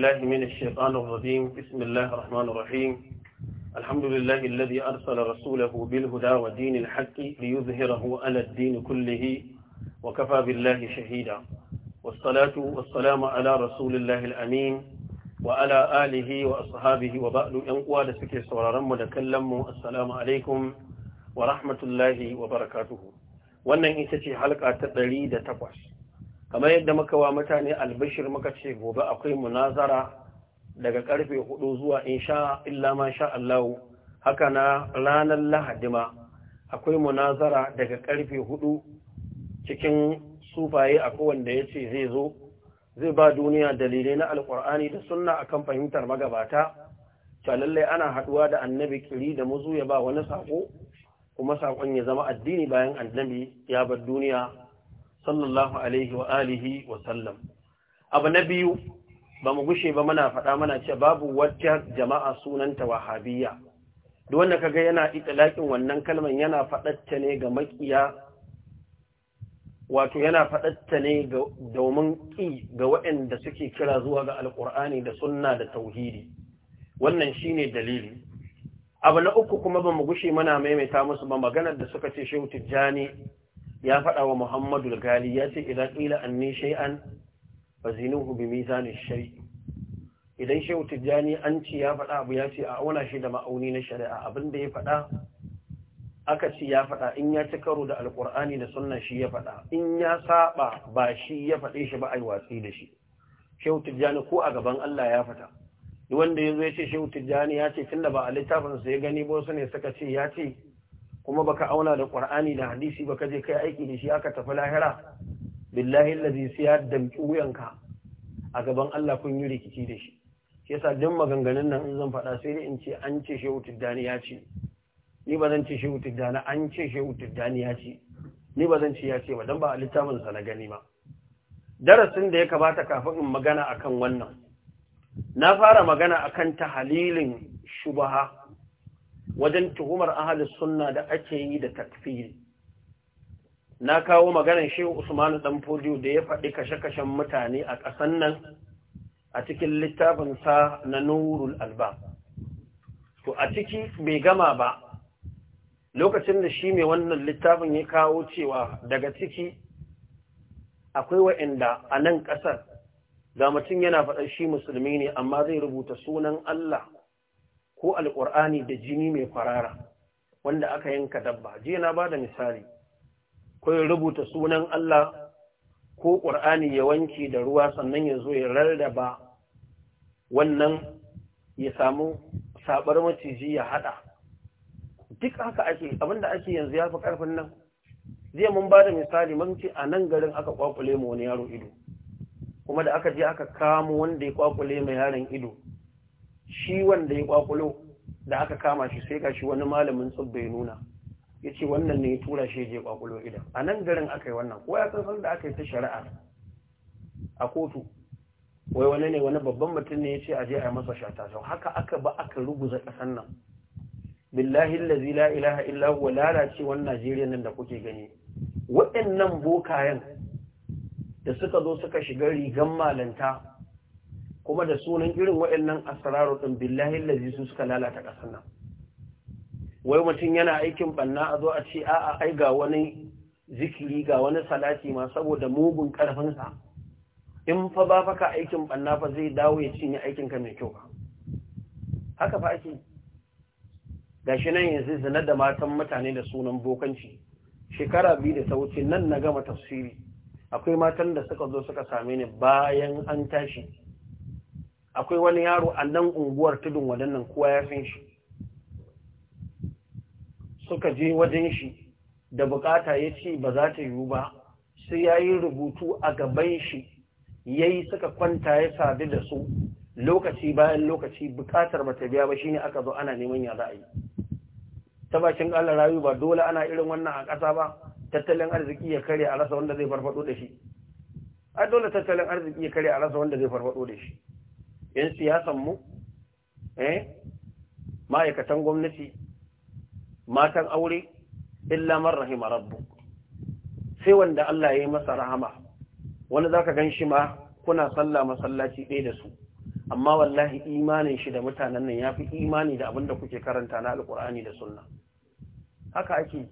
الله من الشيطان الرجيم بسم الله الرحمن الرحيم الحمد لله الذي أرسل رسوله بالهدى ودين الحق ليظهره على الدين كله وكفى بالله شهيدا والصلاة والسلام على رسول الله الأمين وعلى آله وأصحابه وبعد ينقوى لسكي سورارم ودكلم السلام عليكم ورحمة الله وبركاته wannan ita ce halka ta 108 kamar yadda muka wa mutane albishir muka ce gobe akwai munazara daga karfe hudu zuwa insha illa ma sha Allah haka na ranar lahadi ma akwai munazara daga karfe hudu cikin sufaye a wanda ya ce zai zo zai ba duniya dalilai na alkur'ani da sunna akan fahimtar magabata ta lallai ana haduwa da annabi kiri da muzu ya ba wani sako kuma sakon ya zama addini bayan annabi ya bar duniya sallallahu alaihi wa alihi wa sallam abu na biyu ba mu gushe ba muna faɗa mana ce babu wata jama'a sunanta wahabiyya duk wanda kaga yana itilakin wannan kalman yana faɗatta ne ga makiya wato yana faɗatta ne ga domin ƙi ga waɗanda suke kira zuwa ga alƙur'ani da sunna da tauhidi wannan shine dalili abu na uku kuma ba mu gushe muna maimaita musu ba maganar da suka ce shehu tijjani ya faɗa wa Muhammadu Gali ya ce idan ƙila shai'an, shay'an zinuhu bi mizanin shari'i idan shehu tijjani an ce ya faɗa abu ya ce a auna shi da ma'auni na shari'a abin da ya faɗa aka ce ya faɗa in ya ci karo da alƙur'ani da sunna shi ya faɗa in ya saba ba shi ya faɗe shi ba a yi watsi da shi shehu tijjani ko a gaban Allah ya faɗa wanda ya zo ya ce shehu tijjani ya ce tunda ba a littafin ya gani ba wasu ne suka ce ya ce kuma baka auna da qur'ani da hadisi baka je kai aiki da shi aka tafi lahira billahi allazi siyad ya damki wuyanka a gaban Allah kun yi rikici da shi shi yasa duk maganganun nan in zan faɗa sai dai in ce an ce shehu tiddani ya ce ni ba zan ce shehu tiddani an ce shehu tiddani ya ce ni ba zan ce ya ce ba dan ba a littafin sa na gani ba darasin da ya kamata kafin in magana akan wannan na fara magana akan tahalilin shubaha wajen tuhumar ahalus sunna da ake yi da takfiri na kawo maganar shehu usmanu dan fodiyo da ya faɗi kashe-kashen mutane a ƙasan nan a cikin littafin sa na nurul alba to a ciki bai gama ba lokacin da shi mai wannan littafin ya kawo cewa daga ciki akwai wa'inda a nan ƙasar da mutum yana faɗa shi musulmi ne amma zai rubuta sunan Allah ko alƙur'ani da jini mai kwarara wanda aka yanka dabba je na bada misali ko ya rubuta sunan Allah ko ƙur'ani ya wanke da ruwa sannan ya zo ya rarraba wannan ya samu sabar maciji ya haɗa duk haka ake abinda ake yanzu ya fi ƙarfin nan zai mun bada misali mun ce a nan garin aka kwakule mu wani yaro ido kuma da aka je aka kamo wanda ya kwakule mai yaron ido shi wanda ya kwakulo da aka kama shi sai gashi wani malamin tsubbe nuna ya ce wannan ne ya tura shi je kwakulo idan a nan garin aka yi wannan ko ya san san da aka yi ta shari'a a kotu wai wani ne wani babban mutum ne ya ce a je a yi masa shata sau haka aka ba aka ruguza ƙasan nan billahi allazi la ilaha illa huwa lalacewar Najeriya nan da kuke gani waɗannan bokayen da suka zo suka shiga rigan malanta kuma da sunan irin waɗannan asraru din billahi allazi su suka lalata ƙasar nan wai mutum yana aikin banna a zo a ce a'a ai ga wani zikiri ga wani salati ma saboda mugun ƙarfinsa in fa ba faka aikin banna fa zai dawo ya cinye aikinka mai kyau haka fa ake gashi nan yanzu zina da matan mutane da sunan bokanci shekara biyu da ta wuce nan na gama tafsiri akwai matan da suka zo suka same ni bayan an tashi akwai wani yaro a nan unguwar tudun wadannan kowa ya san shi suka je wajen shi da bukata ya ce ba za ta yiwu ba sai ya yi rubutu a gaban shi ya yi suka kwanta ya sadu da su lokaci bayan lokaci bukatar ba ta biya ba shi ne aka zo ana neman ya za a yi ta bakin ƙalar rayu ba dole ana irin wannan a ƙasa ba tattalin arziki ya karya a rasa wanda zai farfado da shi A dole tattalin arziki ya karya a rasa wanda zai farfado da shi 'yan siyasanmu eh ma'aikatan gwamnati matan aure illa man rahima rabbu sai wanda Allah ya yi masa rahama wani zaka gan shi ma kuna sallah masallaci ɗaya da su amma wallahi imanin shi da mutanen nan ya fi imani da abin da kuke karanta na alkur'ani da sunna haka ake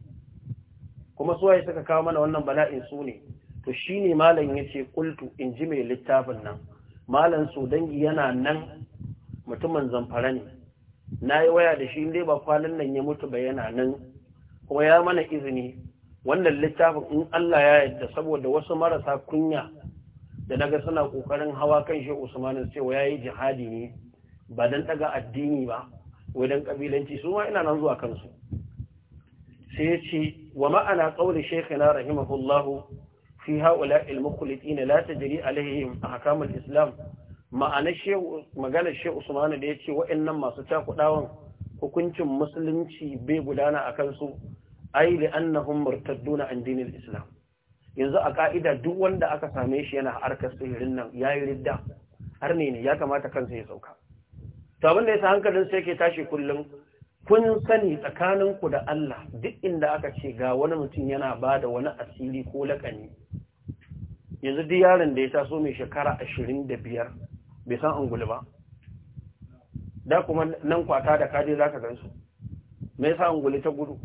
kuma suwaye suka kawo mana wannan bala'in su ne to shi shine malam yace kultu in ji mai littafin nan malam dangi yana nan mutumin zamfara ne na yi waya da shi ne ba kwanan nan ya mutu ba yana nan kuma ya mana izini wannan littafin in Allah ya yadda saboda wasu marasa kunya da na ga suna kokarin hawa kan shi Usmanin cewa yi jihadi ne ba dan daga addini ba wai dan kabilanci su ma ina nan zuwa kansu sai ya ce wa ma'ana qauli shekina rahimahullahu fi haula al-mukhlitin la alaihim a hakaman islam ma'ana shehu magana shehu usman da yace wa'annan masu takudawan hukuncin musulunci bai gudana a su ai li annahum murtadduna an andinin islam yanzu a ka'ida duk wanda aka same shi yana harkar sihirin nan yayi ridda har ne ya kamata kansa ya sauka Ta abin da yasa hankalin sai ke tashi kullum kun sani tsakaninku da Allah duk inda aka ce ga wani mutum yana ba da wani asiri ko lakani yanzu duk yaron da ya taso mai shekara ashirin da biyar bai san angulu ba da kuma nan kwata da kaje za ka gansu mai sa anguli ta gudu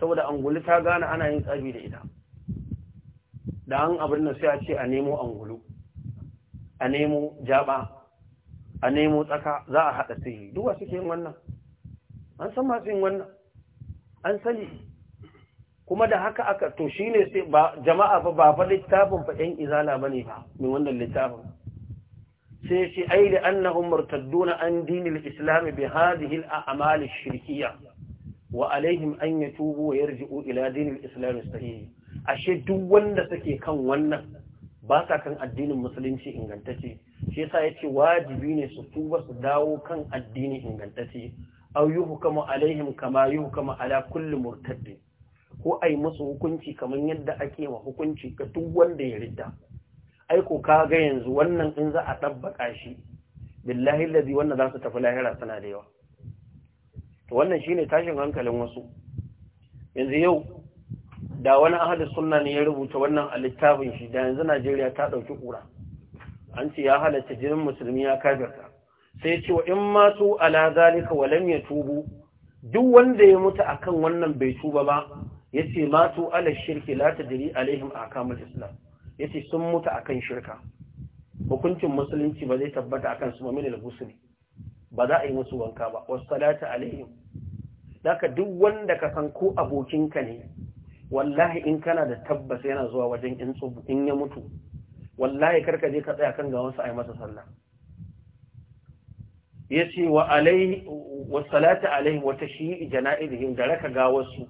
saboda anguli ta gane ana yin tsabi da ita da an abin da siya ce a nemo angulu a nemo jaba a nemo tsaka za a haɗa sihiri duk wasu ke yin wannan an san masu yin wannan an sani kuma da haka aka to shi ne sai ba jama'a fa ba fa littafin fa ɗan izala ba ne min wannan littafin sai shi ai da annahum murtadduna an dinil islam bi hadhihi al a'mal shirkiyya wa alaihim an yatubu wa yarji'u ila dinil islam sahih ashe duk wanda suke kan wannan ba sa kan addinin musulunci ingantacce shi yasa yace wajibi ne su tuba su dawo kan addini ingantacce aw yuhkamu alaihim kama yuhkamu ala kulli murtaddin ko a yi musu hukunci kamar yadda ake wa hukunci ga duk wanda ya ridda aiko ka ga yanzu wannan in za a ɗabbaƙa shi billahi lazi wannan za su tafi lahira suna da yawa to wannan shine tashin hankalin wasu yanzu yau da wani ahadu sunna ne ya rubuta wannan a littafin shi da yanzu Najeriya ta ɗauki ƙura an ce ya halatta jinin musulmi ya kafirta sai ce wa in su ala zalika walam yatubu duk wanda ya mutu akan wannan bai tuba ba yace matu ala shirki la tadri alaihim ahkamul islam yace sun mutu akan shirka hukuncin musulunci ba zai tabbata akan su mamin al-husni ba za a yi musu wanka ba salatu alaihim daka duk wanda ka san ko abokinka ne wallahi in kana da tabbas yana zuwa wajen in tsubu in ya mutu wallahi karka je ka tsaya kan gawan a yi masa sallah yace wa alaihi salatu alaihim wa tashyi'i janaizihim da raka gawarsu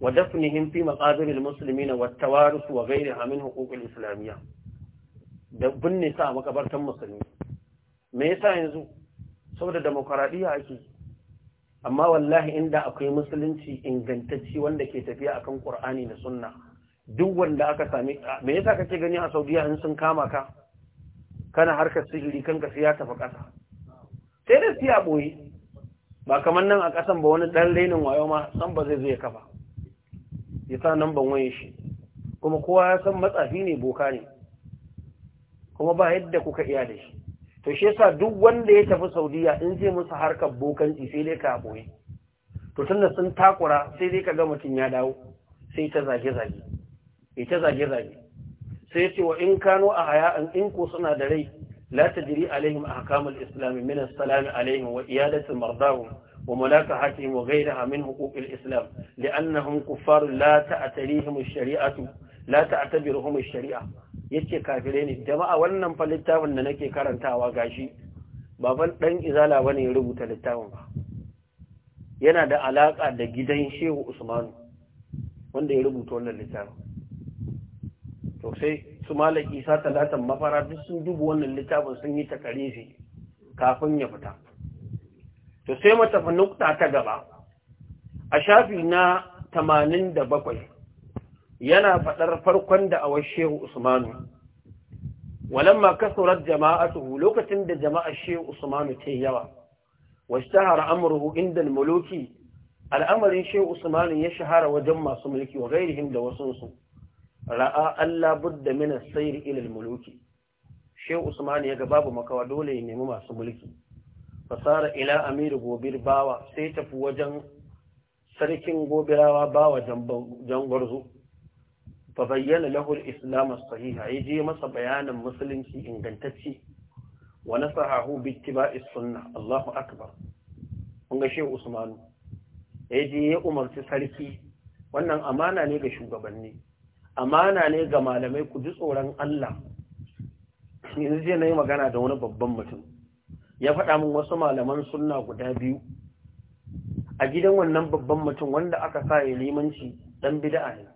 ودفنهم في مقابر المسلمين والتوارث وغيرها من حقوق الإسلامية dabbin ne sa makabartar musulmi me yasa yanzu saboda demokradiyya ake amma wallahi inda akwai musulunci ingantacci wanda ke tafiya akan Qur'ani da Sunna duk wanda aka sami me yasa kake gani a Saudiya in sun kama ka kana harkar sihiri kanka sai ya tafi ƙasa sai da siya boye ba kamar nan a ƙasan ba wani ɗan rainin wayo ma san ba zai zo ya kafa ya sa ban wayan shi kuma kowa ya san matsafi ne boka ne kuma ba yadda kuka iya da shi to shi yasa duk wanda ya tafi saudiya in zai musu harkar bokanci sai dai ka boye to tunda sun takura sai dai kaga mutum ya dawo sai ta zage zage ta zage zage sai ce wa in kano a haya in ko suna da rai la tajri alaihim ahkamul islam min as-salam alaihim wa iyadatu mardahum وملاكحتهم وغيرها من حقوق الإسلام لأنهم كفار لا تأتريهم الشريعة لا تعتبرهم الشريعة yace kafirai ne a wannan fa littafin da nake karantawa gashi baban dan izala bane ya rubuta littafin ba yana da alaka da gidan Shehu Usman wanda ya rubuta wannan littafin to sai su malaki sa talatan mafara duk sun dubu wannan littafin sun yi takarifi kafin ya fita to sai mu tafi nukta ta gaba a shafi na 87 yana faɗar farkon da awar shehu usmanu walamma kasurar jama'atu lokacin da jama'a shehu usmanu ce yawa har amruhu inda muluki al'amarin shehu usmanu ya shahara wajen masu mulki wa gairihin da wasunsu ra'a Allah budda mina as-sayr ila al shehu usmanu ya ga babu makawa dole ya nemi masu mulki fasara ila amir gobir bawa sai tafi wajen sarkin gobirawa bawa jangwarzo fa bayyana lahul al-islam as-sahih yaje masa bayanin musulunci ingantacce wa nasahahu bi ittiba'is sunnah Allahu akbar kun ga shehu Usmanu yaje ya umarci sarki wannan amana ne ga shugabanni amana ne ga malamai ku ji tsoron Allah yanzu je nayi magana da wani babban mutum ya faɗa min wasu malaman sunna guda biyu a gidan wannan babban mutum wanda aka sa ya limanci dan bid'a ne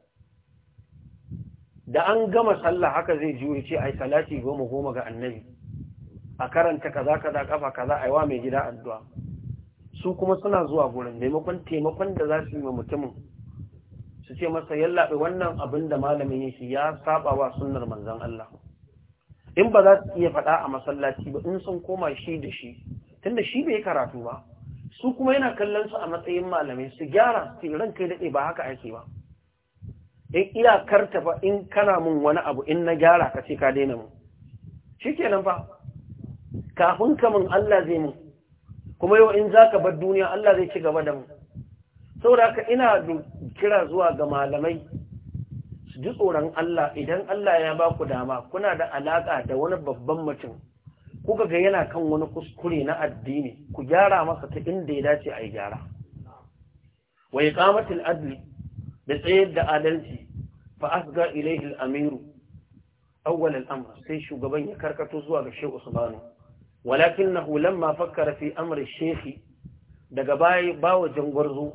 da an gama sallah haka zai juyo ce ai salati goma goma ga annabi a karanta kaza kaza kafa kaza ai wa mai gida addu'a su kuma suna zuwa gurin maimakon taimakon da za su yi wa mutumin su ce masa yallaɓe wannan abin da malamin yake ya saba wa sunnar manzon Allah in ba za su iya faɗa a masallaci ba in sun koma shi da shi tunda shi bai karatu ba su kuma yana kallon su a matsayin malamai su gyara su ran kai daɗe ba haka ake ba in iyakar ta fa in kana mun wani abu in na gyara ka ce ka daina mu shi kenan fa kafin ka mun Allah zai mu kuma yau in zaka bar duniya Allah zai ci gaba da mu saboda haka ina kira zuwa ga malamai su ji tsoron Allah idan Allah ya ba ku dama kuna da alaƙa da wani babban mutum kuka ga yana kan wani kuskure na addini ku gyara masa ta inda ya dace a yi gyara wa iqamatul adli da tsayar da adalci fa asga ilaihi al-amiru awwal al sai shugaban ya karkato zuwa ga Usmanu. Walakin walakinahu lamma fakkara fi amri shehi daga baya bawa jangwarzo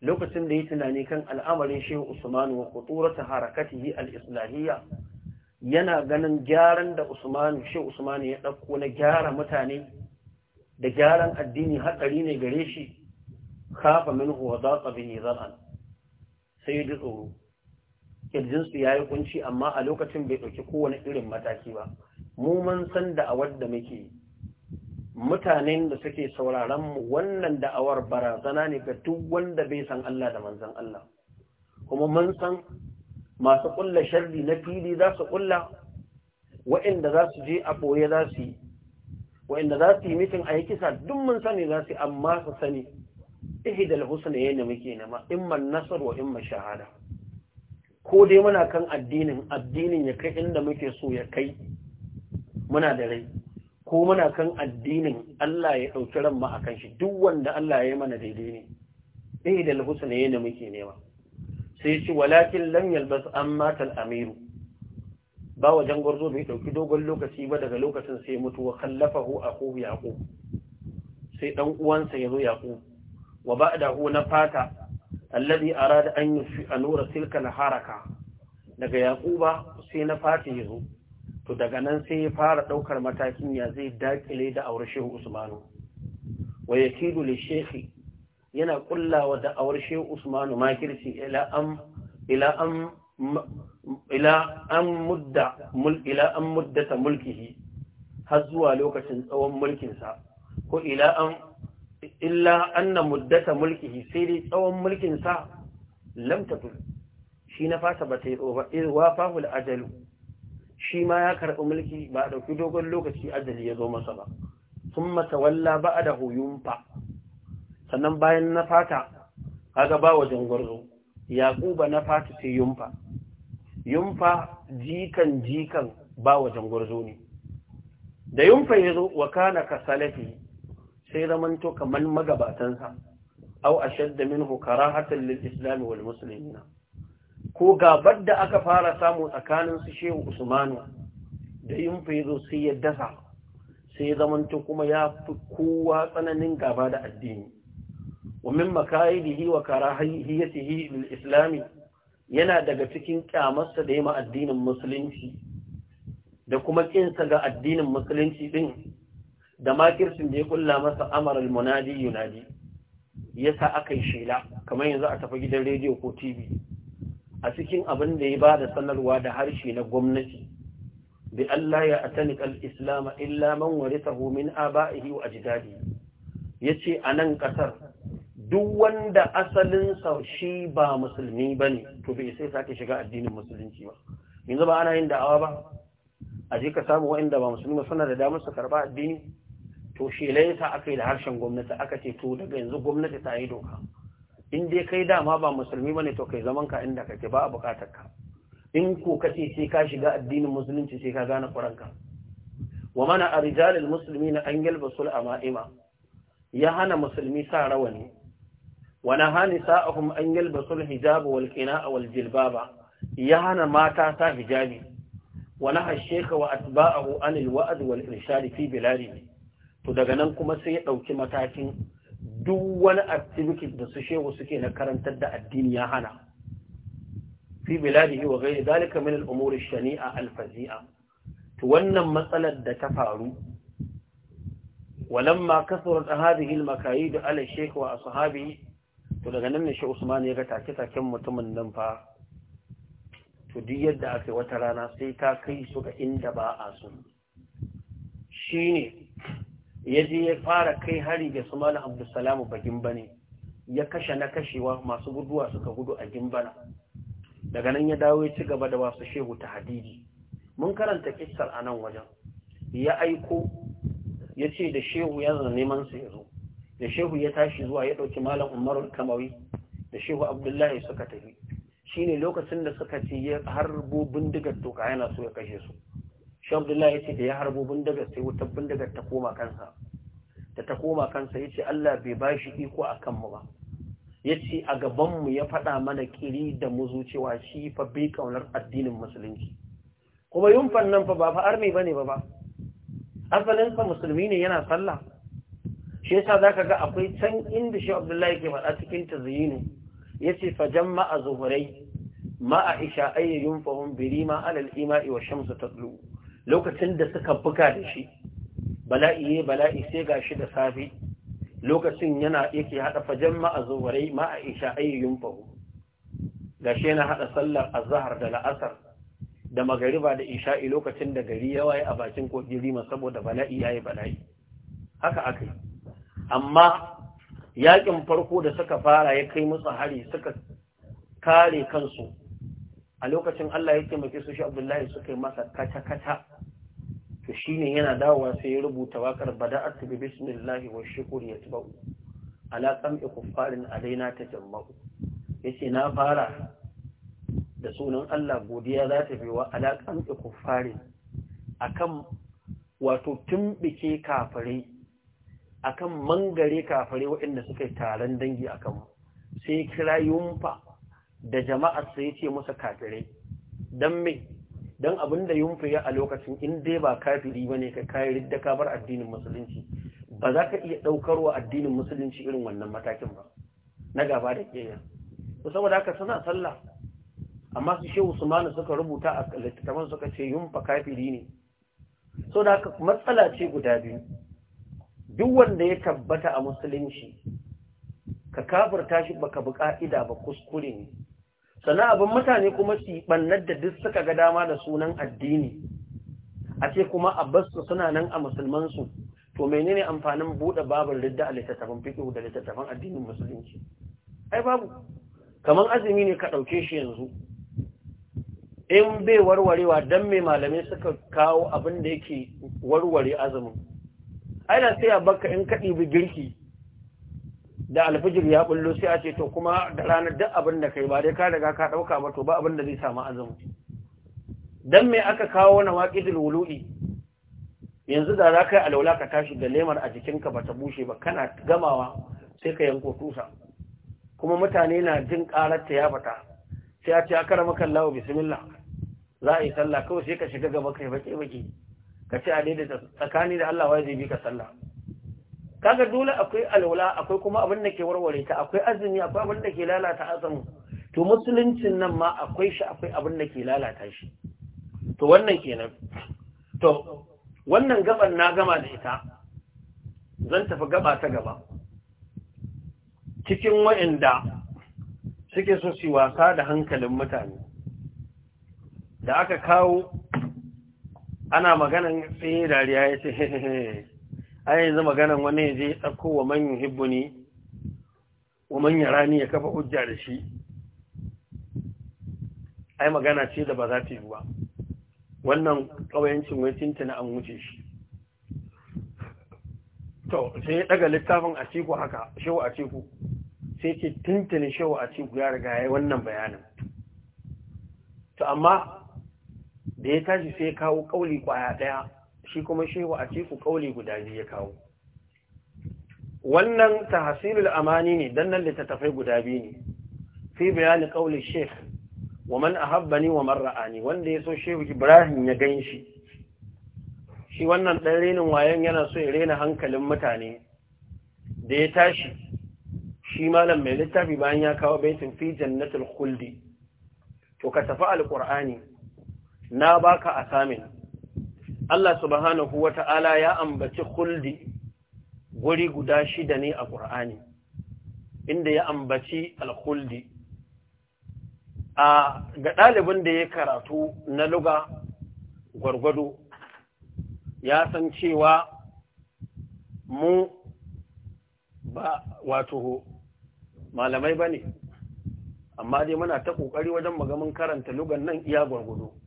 lokacin da ya tunani kan al'amarin shehu usmanu wa kuturata harakatihi al-islahiyya yana ganin gyaran da usmanu shehu usmanu ya ɗauko na gyara mutane da gyaran addini haɗari ne gare shi kafa minhu wa zaqa bihi zar'an sai tsoro kirjinsu ya yi kunci amma a lokacin bai ɗauki kowane irin mataki ba mu mun san da a wadda muke mutanen da suke sauraron mu wannan da'awar barazana ne ga duk wanda bai san Allah da manzon Allah kuma mun san masu kulla sharri na fili za su kulla wa'inda za su je a boye za su yi wa'inda za su yi mitin a yi kisa duk mun sani za su yi amma su sani ihdal husna yana muke nema imma nasar wa imma shahada ko dai muna kan addinin addinin ya kai inda muke so ya kai muna da rai ko muna kan addinin Allah ya ɗauki ran ma akan shi duk wanda Allah ya yi mana daidai ne ɗaya da ne yana muke nema sai shi walakin lam yalbas amma tal amiru ba wajen gwarzo bai ɗauki dogon lokaci ba daga lokacin sai mutu wa kallafahu aqub yaqub sai dan uwansa yazo yaqub wa ba'dahu na fata alladhi arada an a anura tilka al haraka daga yaquba sai na fata yazo to daga nan sai ya fara ɗaukar matakin ya zai daƙile da aure shehu usmanu wa ya kidu li yana kullawa da aure shehu usmanu makirci ila ila an mudda ila muddata mulkihi har zuwa lokacin tsawon mulkinsa ko ila an illa anna muddata mulkihi sai dai tsawon mulkinsa lam tatul shi na fasa ba ta yi tsoba irwa fahul ajalu shi ma ya karɓi mulki ba a ɗauki dogon lokaci ajali ya zo masa ba sun walla ba a da huyumfa sannan bayan na fata kaga ba wajen gwarzo yaƙuba na fata sai yumfa yumfa jikan jikan ba wajen gwarzo ne da yumfa ya zo wa kana ka salafi sai zamanto kamar magabatansa au a shadda min hukara karahatan lil islami wal musulmina. ko gabar da aka fara samu tsakanin su shehu usmanu da yin faizo sai ya dasa sai ya zamanta kuma ya fi kowa tsananin gaba da addini wa min yi wa karahiyatihi lil islami yana daga cikin kyamarsa da yima addinin musulunci da kuma kinsa ga addinin musulunci din da makircin da ya kulla masa amaral munadi yunadi yasa aka yi shela kamar yanzu a tafi gidan rediyo ko tv a cikin abin da ya ba da sanarwa da harshe na gwamnati bi Allah ya atanik al-islam illa man warithahu min aba'ihi wa ajdadi yace a nan kasar duk wanda asalin sa shi ba musulmi bane to bai sai sake shiga addinin musulunci ba yanzu ba ana yin da'awa ba a je ka samu wa'anda ba musulmi ba suna da damar su karba addini to shi laisa aka yi da harshen gwamnati aka ce to daga yanzu gwamnati ta yi doka in dai kai dama ba musulmi bane to kai zaman ka inda kake ba a bukatar ka in ko kace sai ka shiga addinin musulunci sai ka gane Qur'anka wa mana arijalul muslimina an yalbasul ama'ima ya hana musulmi sa rawani wa nahani sa'ahum an yalbasul hijab wal qina'a wal jilbaba ya hana mata sa hijabi wa naha shaykha wa atba'ahu anil wa'd wal irshad fi biladihi to daga nan kuma sai ya dauki matakin duk wani activities da su shehu suke na karantar da addini ya hana fi biladihi wa ghairi dalika min al-umuri shani shania al-fazi'a to wannan matsalar da ta faru walamma kasurat hadhihi al-makayid ala shaykh wa ashabihi to daga nan ne shi Usman ya ga take-taken mutumin nan fa to duk yadda aka wata rana sai ta kai su ga inda ba a so shine ya je ya fara kai hari ga su malam abdulsalamu ba bane ya kashe na kashewa masu guduwa suka gudu a gimbana daga nan ya dawo ya ci gaba da wasu shehu ta hadidi mun karanta kissar a nan wajen ya aiko ya ce da shehu ya neman sa ya zo da shehu ya tashi zuwa ya ɗauki malam umarul kamawi da shehu abdullahi suka tafi shine lokacin da suka ce ya harbo bindigar toka yana so ya kashe su shi abdullahi ya ce da ya harbo bindigar sai wutar bindigar ta koma kansa da ta koma kansa ya ce Allah bai ba shi iko a kanmu ba ya ce a gabanmu ya faɗa mana ƙiri da mu cewa shi fa bai kaunar addinin musulunci kuma yunfan nan fa ba fa arme ba ne ba ba asalin fa musulmi ne yana sallah shi yasa zaka ga akwai can inda shi Abdullahi ke faɗa cikin ya ce fa jama'a zuhurai ma'a isha ayyayin fahimbiri birima alal ima'i wa shamsu ta lokacin da suka buga da shi bala'i ya bala'i sai ga shi da safe lokacin yana yake haɗa fajen ma'azuwarai ma'aisha ayyun fahu ga shi yana haɗa sallar azahar da la'asar da magariba da isha'i lokacin da gari ya waye a bakin kogi rima saboda bala'i ya yi bala'i haka aka yi amma yakin farko da suka fara ya kai musu hari suka kare kansu a lokacin Allah ya taimake su shi Abdullahi suka yi masa kata-kata to ne yana dawowa sai ya rubuta waƙar a bi bismillahi wa ya yatba'u ala sam'i kuffarin alaina ta tajamma'u yace na fara da sunan Allah godiya za ta biwa ala sam'i kuffarin akan wato tumbike kafare, akan mangare kafare waɗanda suka yi taron dangi akan mu sai kira yumfa da jama'a sai ya ce masa kafirai dan me dan abin da yunfi ya a lokacin in dai ba kafiri bane ka kai ridda ka bar addinin musulunci ba za ka iya daukarwa addinin musulunci irin wannan matakin ba na gaba da kiyaya to saboda haka suna sallah amma su shehu Usman suka rubuta a littattafan suka ce yunfa kafiri ne so da matsala ce guda biyu duk wanda ya tabbata a musulunci ka kafirta shi baka bi ka'ida ba kuskure ne sannan abin mutane kuma su bannar da duk suka ga dama da sunan addini a ce kuma abbasu suna nan a musulmansu to menene amfanin buɗe babin ridda a littattafan fiƙo da littattafan addinin musulunci ai babu kamar azumi ne ka ɗauke shi yanzu in bai warwarewa don mai malamai suka kawo abin da yake warware azumin ai da sai a baka in ka ɗibi girki da alfijir ya bullo sai a ce to kuma da ranar duk abin da kai ba dai ka daga ka ɗauka ba to ba abin da zai samu azumi dan me aka kawo na waqidul wulu'i yanzu da za ka yi alwala ka tashi da lemar a jikinka ba ta bushe ba kana gamawa sai ka yanko tusa kuma mutane na jin karar ta ya fata sai a ce aka rama kallawa bismillah za a yi sallah kawai sai ka shiga gaba kai baki baki ka ce a daidaita tsakani da Allah wai zai bi ka sallah kaga dole akwai alwala akwai kuma abin da ke warware ta akwai azumi akwai abin da ke lalata azumi to musuluncin nan ma akwai shi akwai abin da ke lalata shi to wannan kenan to wannan gaban na gama da ita zan tafi gaba ta gaba cikin wa'anda suke so su wasa da hankalin mutane da aka kawo ana maganan tsaye dariya ya ce A yanzu maganan wani ya je ɗauko wa man wa man yarani ya kafa hujja da shi ai magana ce da ba za ta yi ba wannan ƙawayancin wai tintina an wuce shi to sai ya daga littafin a ciku haka shewa a ciku sai ce tuntuni shewa a ciku ya riga ya wannan bayanin to amma da ya tashi sai ya kawo kauli kwaya ɗaya. shi kuma shehu a ku kauli guda biyu ya kawo wannan tahsilul amani ne dan nan littattafai guda biyu ne fi bayani kauli sheikh wa man ahabbani wa man ra'ani wanda yaso shehu ibrahim ya ganshi shi wannan dan renin wayan yana so ya rena hankalin mutane da ya tashi shi malam mai littafi bayan ya kawo baitin fi jannatul khuldi to ka tafi alqur'ani na baka assignment Allah subhanahu wa ta'ala ya ambaci khuldi guri guda shida ne a ƙur'ani, inda ya ambaci alhuldi A ga ɗalibin da ya karatu na luga gwargwado, ya san cewa mu ba wato malamai ba ne, amma dai muna ta ƙoƙari wajen magamin karanta lugan nan iya gwargwado.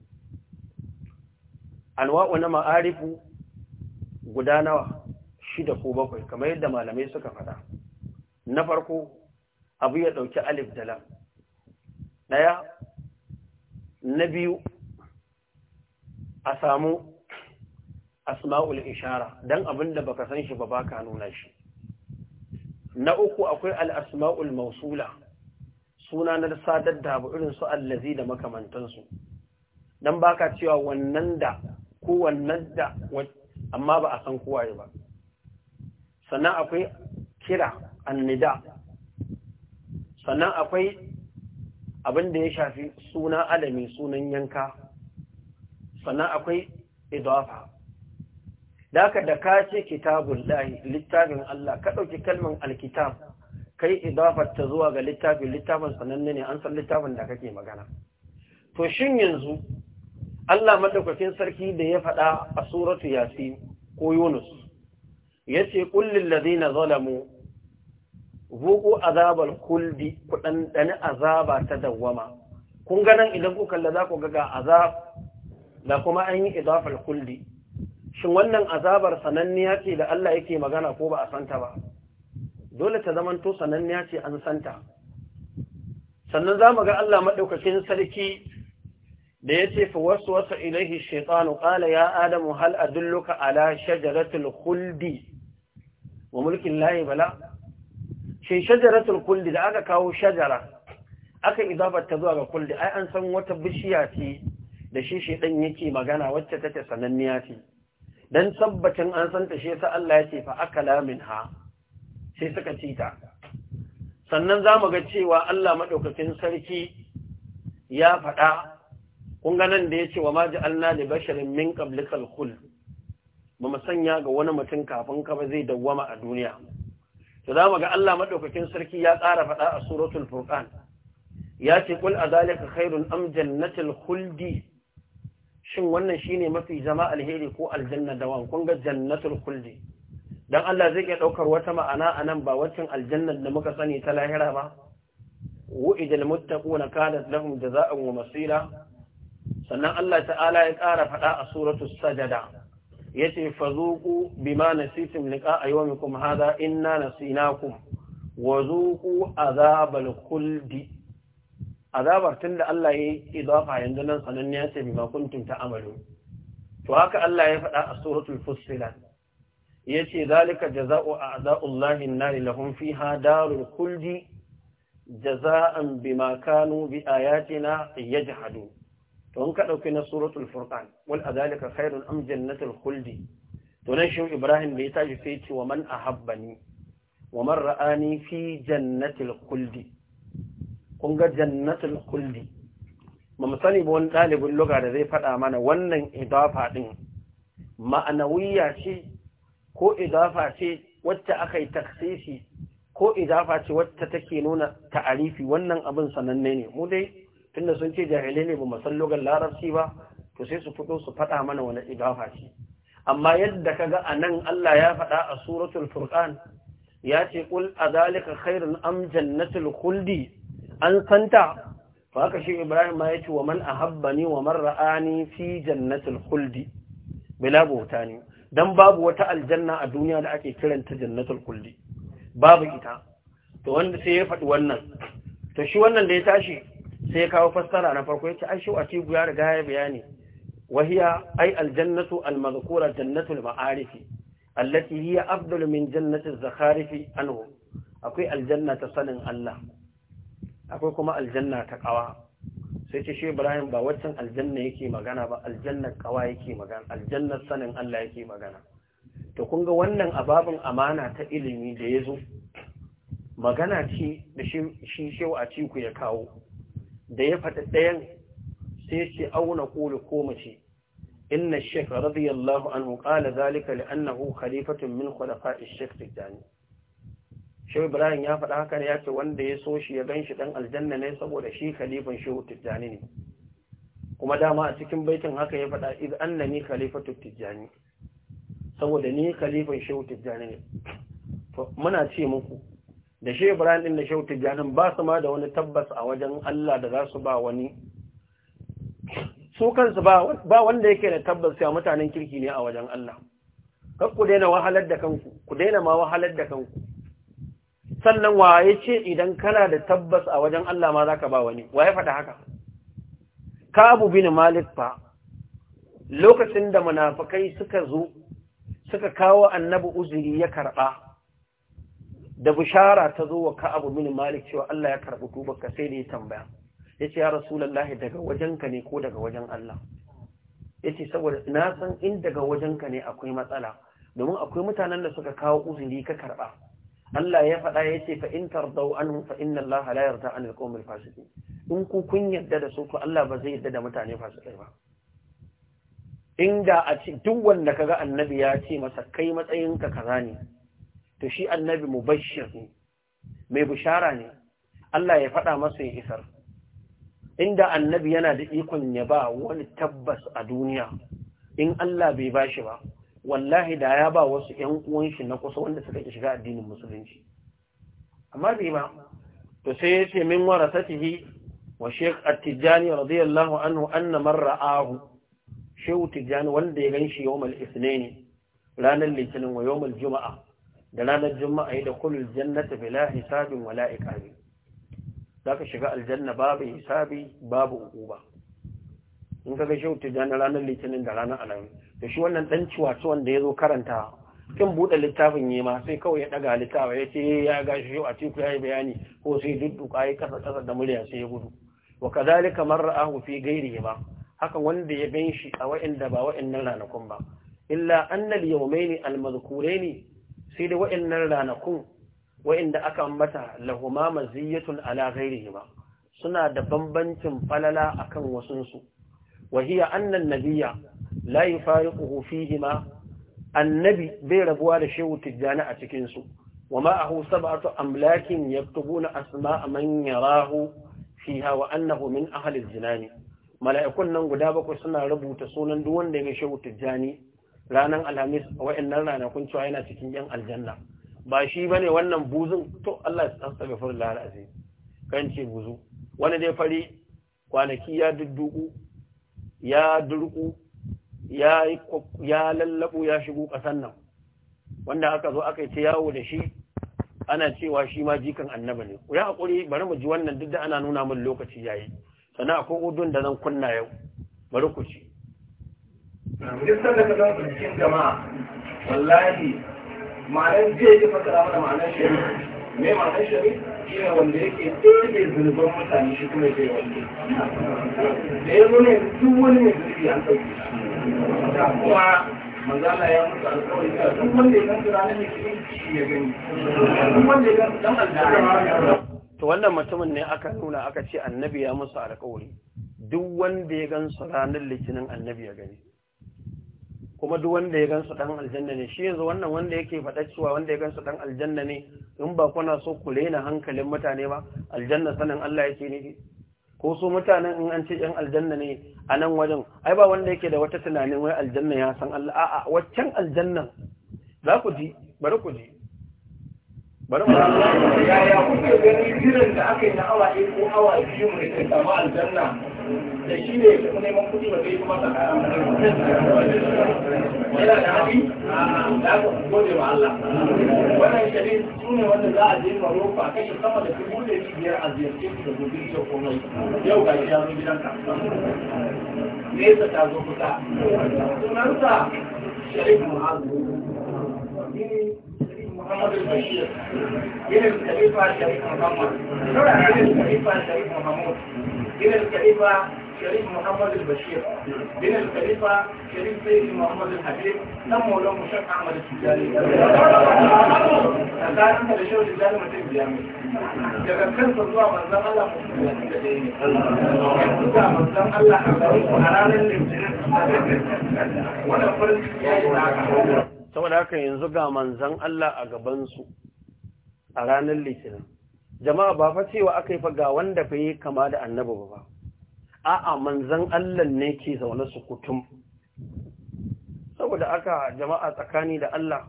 anwa'u na ma'arifu guda nawa shida ko bakwai kamar yadda malamai suka faɗa na farko abu ya ɗauki alif da lam ɗaya na biyu a samu asma'ul ishara dan abinda baka san shi ba baka nuna shi na uku akwai Al-Asma'ul mausula suna na sadar da abu irin su allazi da makamantansu don baka cewa wannan da ko wannan da amma ba a san kowaye ba sannan akwai kira annida sannan akwai abin da ya shafi suna alami sunan yanka sannan akwai idafa da ka da ka ce kitabun lahi littafin Allah ka ɗauki kalmar alkitab kai idafar ta zuwa ga littafin littafin sananne ne an san littafin da kake magana to shin yanzu Allah madaukakin sarki da ya faɗa a suratu yasin ko yunus yace qul lil ladina zalamu zuqu azabal khuldi ku dani azaba ta dawama kun ga idan ku kalla za ku ga azab da kuma an yi idafal khuldi shin wannan azabar sananniya ce da Allah yake magana ko ba a santa ba dole ta zamanto sananniya ce an santa sannan za mu ga Allah madaukakin sarki da ya ce wasu, ilaihi shaitanu qala ya adamu hal adulluka ala shajaratul khuldi wa mulkin layi bala shin shajaratul kuldi da aka kawo shajara aka idafar ta zuwa ga kuldi? ai an san wata bishiya ce da shi ɗan yake magana wacce take sananniya ce Don tabbacin an san ta shi yasa Allah ya ce fa lamin ha sai suka ci ta sannan zamu ga cewa Allah madaukakin sarki ya faɗa kun nan da ce wa ma ja'alna da basharin min qablika al ba mu sanya ga wani mutum kafin ka ba zai dawwama a duniya to za mu ga Allah maɗaukakin sarki ya ƙara faɗa a suratul furqan ya ce kul azalika khairun am jannatul Huldi shin wannan shine mafi zama alheri ko aljanna da kun ga jannatul Huldi? dan Allah zai iya ɗaukar wata ma'ana a nan ba waccan aljannar da muka sani ta lahira ba wu'idal muttaquna kanat lahum jazaa'un wa masira sannan Allah ta'ala ya ƙara faɗa a suratu sajada yace fazuqu bima nasitum liqa'a yawmikum hadha inna nasinakum wa zuqu azabal khuldi azabar tunda Allah ya idafa yanzu nan sananne ya ce bima kuntum amalu, to haka Allah ya faɗa a suratul fussilat yace zalika jaza'u a'da'ullahi an-nari lahum fiha darul khuldi jaza'an bima kanu bi ayatina yajhadun to in ka dauki na suratul furqan wal adalika khairun am jannatul khuldi to nan shehu ibrahim da ya tashi sai ce wa man ahabbani wa man ra'ani fi jannatil khuldi kun ga jannatul khuldi ba mu sani ba wani ɗalibin luga da zai faɗa mana wannan idafa ɗin ma'anawiyya ce ko idafa ce wacce aka yi taksisi ko idafa ce wacce take nuna ta'arifi wannan abin sananne ne mu dai tunda sun ce jahilai ne ba logan larabci ba to sai su fito su faɗa mana wani idafa ce amma yadda ka ga anan Allah ya faɗa a suratul furqan ya ce kul a zalika khairun am jannatul khuldi an santa fa haka shi Ibrahim ma yace wa man ahabbani wa man ra'ani fi jannatul khuldi bila buhtani dan babu wata aljanna a duniya da ake kiranta jannatul khuldi babu ita to wanda sai ya faɗi wannan to shi wannan da ya tashi sai kawo fassara na farko yace ai shi a tibu ya riga ya bayani wahiya ai aljannatu almazkura jannatul ma'arifi allati hiya afdalu min jannati az-zakharifi anhu akwai aljanna ta sanin Allah akwai kuma aljanna ta kawa sai ce shi Ibrahim ba waccan aljanna yake magana ba aljannar qawa yake magana aljannar sanin Allah yake magana to kun ga wannan ababin amana ta ilimi da yazo magana ce da shi shi shewa a ciku ya kawo da ya faɗi ɗayan sai ce auna ƙulu ko mace inna shek radiyallahu anhu qala zalika li'annahu khalifatun min khulafa'i shek tijani shehu ibrahim ya faɗa haka ne ya ce wanda ya so shi ya gan shi ɗan aljanna ne saboda shi khalifan shehu tijjani ne kuma dama a cikin baitin haka ya faɗa iz annani khalifatu tijjani saboda ni khalifan shehu tijjani ne to muna ce muku da shi Ibrahim din da shautu Tijjanin ba su ma da wani tabbas a wajen Allah da za su ba wani su kansu ba wanda yake da tabbas ya mutanen kirki ne a wajen Allah kar ku daina wahalar da kanku ku daina ma wahalar da kanku sannan waye ce idan kana da tabbas a wajen Allah ma zaka ba wani waye faɗa haka Ka Kabu bin Malik fa lokacin da munafikai suka zo suka kawo annabi uzuri ya karɓa da bishara ta zo wa ka'abu abu malik cewa Allah ya karɓi tubar ka sai da ya tambaya yace ya lallahi daga wajenka ne ko daga wajen Allah yace saboda na san in daga wajenka ne akwai matsala domin akwai mutanen da suka kawo uzuri ka karɓa Allah ya faɗa yace fa in tardau anhum fa inna Allah la yarda an in ku kun yarda da su to Allah ba zai yarda da mutane fasikai ba inda a ce duk wanda kaga annabi ya ce masa kai matsayinka kaza ne to shi annabi mubashir ne mai bishara ne Allah ya faɗa masa ya isar inda annabi yana da ikon ya ba wani tabbas a duniya in Allah bai bashi ba wallahi da ya ba wasu ‘yan uwan shi na kusa wanda suka shiga addinin musulunci amma bai ba to sai ya ce min warasatihi wa sheik attijani radiyallahu anhu anna man ra'ahu shehu tijani wanda ya ganshi yawmal ne, ranar litinin wa yawmal juma'a da ranar juma'a da kulul jannata bila hisabin wala iqabi zaka shiga aljanna babu hisabi babu uquba in kaga shi tijan ranar litinin da ranar alamin to shi wannan dan ciwa ciwaci wanda yazo karanta kin bude littafin yema sai kawai ya daga ya yace eh, ya ga shi a tiku yayi bayani ko sai dudduka yi kasa kasa da murya sai ya gudu wa kadhalika mar'ahu fi ghairihi ba haka wanda ya ganshi a a da ba nan ranakun ba illa annal yawmaini al ne. sai da wa’innan ranakun wa’inda aka mata lahuma maziyyatun ala zairi ba suna da bambancin falala akan wasunsu wahiya annan nabiya layi fari ƙuhufi annabi bai rabuwa da shehu tijjani a cikinsu wa ma'ahu sabatu amlakin ya tubu na asma a manya rahu fi hawa annahu min ahalin jinani mala'ikun nan guda bakwai suna rubuta sunan duk wanda ya shehu tijjani ranar alhamis a wa'annan ranakun cewa yana cikin yan aljanna ba shi bane wannan buzun to Allah ya tsaka lahar alazim kan ce buzu wani dai fari kwanaki ya dudduku ya durku ya ya lallabu ya shigo kasan nan wanda aka zo aka yi ta yawo da shi ana cewa shi ma jikan annaba ne ku ya hakuri bari mu ji wannan duk da ana nuna min lokaci yayi sannan akwai udun da zan kunna yau bari ku ci duk sanda ka zama cikin jama'a wallahi ma'anar zai ji fasara mana ma'anar shari me ma'anar shari shi ne wanda yake ɗaya zunuban mutane shi kuma zai wanda da ya zo ne duk wani mai zunubi an ɗauke da kuma manzala ya mutu alƙawari cewa duk wanda ya gansu ranar mai shi ya gani duk wanda ya gansu dan alƙawari to wannan mutumin ne aka nuna aka ce annabi ya musu alƙawari duk wanda ya gan su ranar litinin annabi ya gani kuma duk wanda ya gansu dan aljanna ne shi yanzu wannan wanda yake faɗa cewa wanda ya gansu dan aljanna ne in ba kuna so ku rena hankalin mutane ba aljanna sanin Allah yake ne ko so mutanen in an ce yan aljanna ne a nan wajen ai ba wanda yake da wata tunanin wai aljanna ya san Allah a'a waccan aljannan za ku ji bari ku ji bari mu yaya kuke gani jiran da aka yi na awa ɗaya ko awa biyu mai kai samu aljanna da shi ne kuma neman kuɗi ba zai kuma saka yana da haɗi da aka gode wa Allah wannan shirin su ne wanda za a je Maroko a kashe sama da dubu da biyar a ziyarce su da gobe da komai yau ga shi ya zo gidanka nesa ta zo kusa sunansa Sharif Mu'azu محمد البشير جيل الخليفة شريف محمد شرع الخليفة شريف محمود جيل الخليفة شريف محمد البشير جيل الخليفة شريف سيد محمد الحبيب سموا له مشاك أحمد التجاري أكان أنت لشيء التجاري ما تجد يعني daga kansa zuwa manzan Allah mutum da da ɗaya ne. Zuwa manzan Allah a ranar litinin. Wannan farin ciki ya yi na saboda haka yanzu ga manzan Allah a gabansu a ranar litinin jama'a ba fa cewa aka yi fa ga wanda fa yi kama da annabi ba a'a manzan Allah ne ke zaune su kutum saboda aka jama'a tsakani da Allah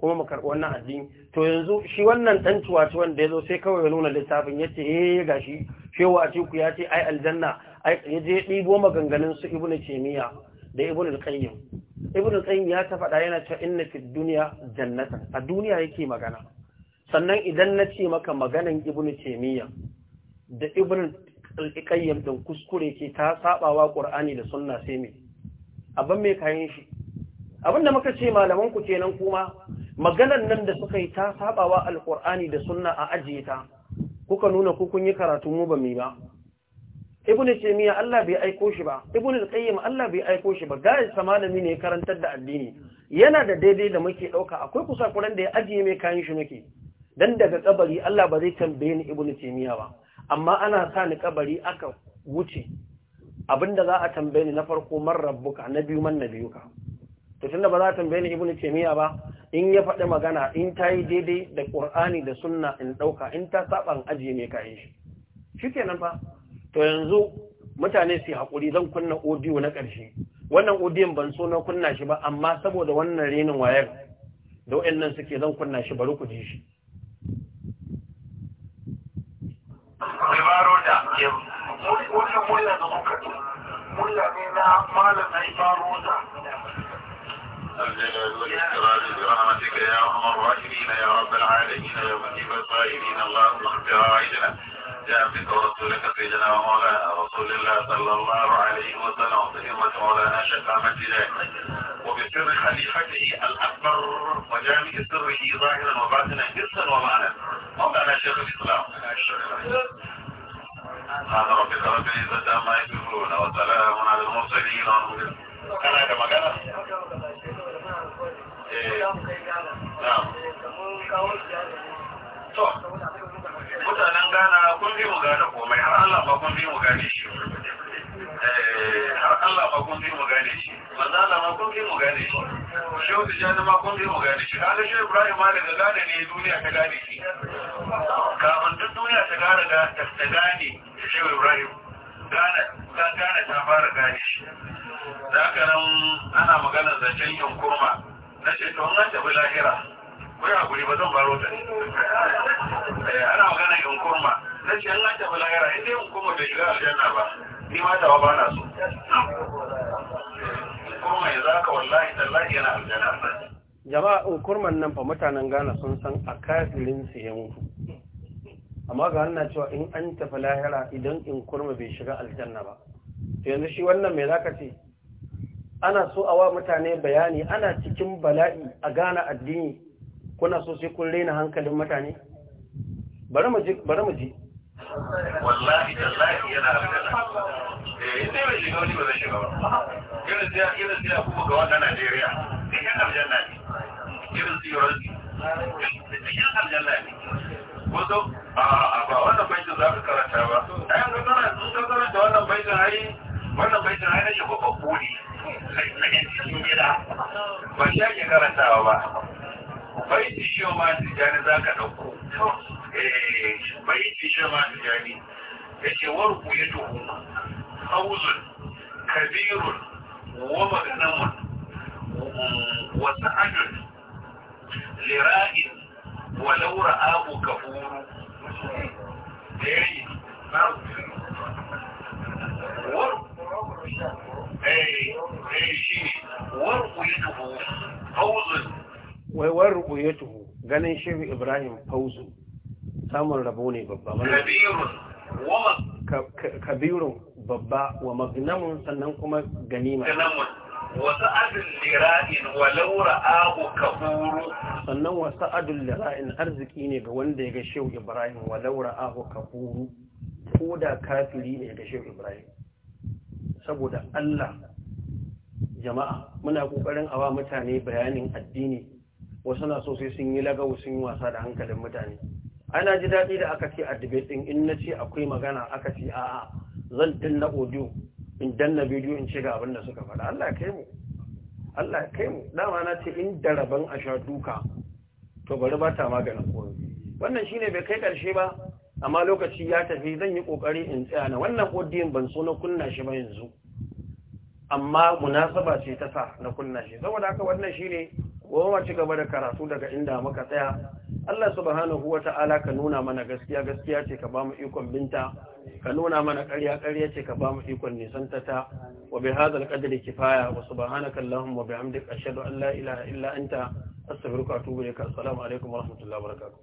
kuma mu karɓi wannan addini to yanzu shi wannan dan tuwaci wanda ya zo sai kawai ya nuna littafin ya ce eh gashi shewa a ku ya ce ai aljanna ya je ɗibo maganganun su ibnu taymiya da ibnu al ibn qayyim ya ta faɗa yana cewa inna fi dunya jannatan a duniya yake magana sannan idan na ce maka maganan ibn taymiya da ibn qayyim din kuskure ce ta sabawa qur'ani da sunna sai me abin me kayan shi abinda muka ce malaman ku kenan kuma maganan nan da suka yi ta sabawa al-qur'ani da sunna a ajiye ta kuka nuna ku kun yi karatu mu ba mi ba ibnu taymiya Allah bai aiko shi ba ibnu qayyim Allah bai aiko shi ba isa malami ne karantar da addini yana da daidai da muke dauka akwai kusakuran da ya ajiye mai kayan shi muke dan daga kabari Allah ba zai tambaye ni ibnu taymiya ba amma ana sa ni kabari aka wuce abinda za a tambaye ni na farko man rabbuka na biyu man nabiyuka to tunda ba za a tambaye ni ibnu taymiya ba in ya faɗi magana in ta yi daidai da ƙur'ani da sunna in ɗauka in ta saban ajiye mai kayan shi shikenan fa to yanzu mutane su haƙuri zan kunna odiyo na ƙarshe wannan odiyon ban so na kunna shi ba amma saboda wannan renin wayar da waɗannan suke zan kunna shi bari ku ji shi يا رب العالمين يا مجيب وعبد عبدك سيدنا ومولانا رسول الله صلى الله عليه وسلم وسيرة مولانا شفع مجده وبسر خليفته الأكبر وجامع سره ظاهرا وباطنا جسا ومعنى مولانا شيخ الإسلام سبحان ربك رب العزة عما يصفون وسلام على المرسلين أنا كما قال kun biyu mu gane shi eh, har Allah ma kun bi mu gane shi manzo Allah ma kun bi mu gane shi shehu tijani ma kun bi mu gane shi kaga shehu Ibrahim Malik ga gane ne duniya ta gane shi kafin duk duniya ta gane ta gane shehu Ibrahim gane ta gane ta fara gane shi da haka nan ana magana da zancen yunkurma na ce to wannan tafi lahira ko ya guri ba zan baro ta eh, ana magana yunkurma na ce an an tafi lahira inda yin kuma bai shiga aljanna ba ni ma tawa ba na so kuma za ka wallahi tallahi yana aljanna jama'a kurman nan fa mutanen Ghana sun san a kafirin su ya mutu amma ga wannan cewa in an tafi lahira idan in kurma bai shiga aljanna ba to yanzu shi wannan me zaka ce ana so awa mutane bayani ana cikin bala'i a Gana addini kuna so sai kun raina hankalin mutane bari mu ji wallahi tallahi yana abdala eh sai bai shiga wani ba zai shiga ba irin sai irin sai kuma ga wannan Najeriya sai yan aljanna ne irin sai yoran sai yan aljanna ne wato a ba wannan baitin za ka karanta ba ai mun karanta mun karanta wannan baitin ai wannan baitin ai na shi babbu ne na yan cikin gida ba shi ake karantawa ba baiti shi ma jani za ka ɗauko bai ci shi ma da jani ya ce hauzun kabirun wa magnamun wa sa'adun lira'in wa laura abu kafuru da ya eh, Hauzun. wai warku ya tuhu ganin shehu ibrahim fauzu samun rabo ne babba kabirun babba wa magnamun sannan kuma ganima wasu adin lira'in wa Laura abu kaburu sannan wasu adin lira'in arziki ne ga wanda ya ga shehu ibrahim wa Laura abu kaburu ko da kafiri ne ga shehu ibrahim saboda allah jama'a muna kokarin awa mutane bayanin addini wasu na so sai sun yi lagawa sun yi wasa da hankalin mutane ana ji daɗi da aka ce a debate ɗin in na ce akwai magana aka ce a'a zan na audio in danna bidiyo in ce ga abin da suka faɗa Allah kai mu Allah kai mu dama na ce in da rabon a sha duka to bari ba ta maganin koyo wannan shine bai kai ƙarshe ba amma lokaci ya tafi zan yi ƙoƙari in tsaya na wannan audio ban so na kunna shi ba yanzu amma munasaba ce ta sa na kunna shi saboda haka wannan shine goma ci gaba da karatu daga inda muka tsaya Allah subhanahu wata'ala ka nuna mana gaskiya gaskiya ce ka bamu ikon binta ka nuna mana ƙarya ƙarya ce ka bamu ikon nisan ta wa bi hadha al kifaya wa subhanaka allahumma wa bihamdika ashhadu an la ilaha illa anta astaghfiruka wa atubu ilaik assalamu alaikum wa rahmatullahi wa barakatuh